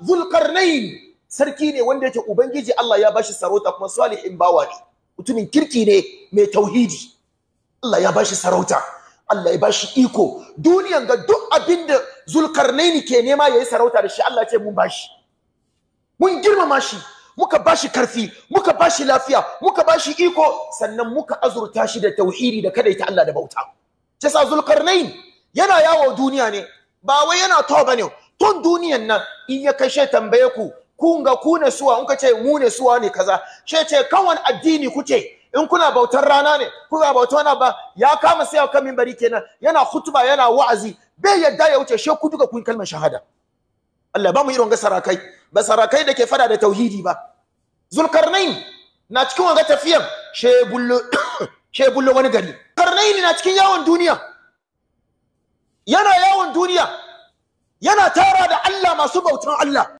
zulkarnain sarki ne wanda yake ubangiji Allah ya bashi sarauta kuma salihin bawa ne mutumin kirki ne mai tauhidi Allah ya bashi sarauta Allah ya bashi iko duniyan ga duk abin da zulkarnaini ke nema yayi sarauta da shi Allah ce mun bashi mun girmama shi muka bashi karfi muka bashi lafiya muka bashi iko sannan muka azurta shi da tauhidi da kadaita Allah da bauta tasa zulkar zulkarnain yana yawo duniya ne ba wai yana ba ne tun duniyan nan in ya kai she tambaye ku kun ga ku ne suwa in ka ce mu ne suwa ne kaza she ce kawan addini kuke in kuna bautar rana ne kuna bautar wani ba ya kama sai kan minbari kenan yana hutuba yana wa'azi bai yadda ya wuce she ku duka kun kalmar shahada Allah ba mu irin ga sarakai ba sarakai da ke fada da tauhidi ba zulkarnain na cikin wanga tafiyan she bullo wani gari karnain na cikin yawon duniya yana yawon duniya yana tara da Allah masu bautan Allah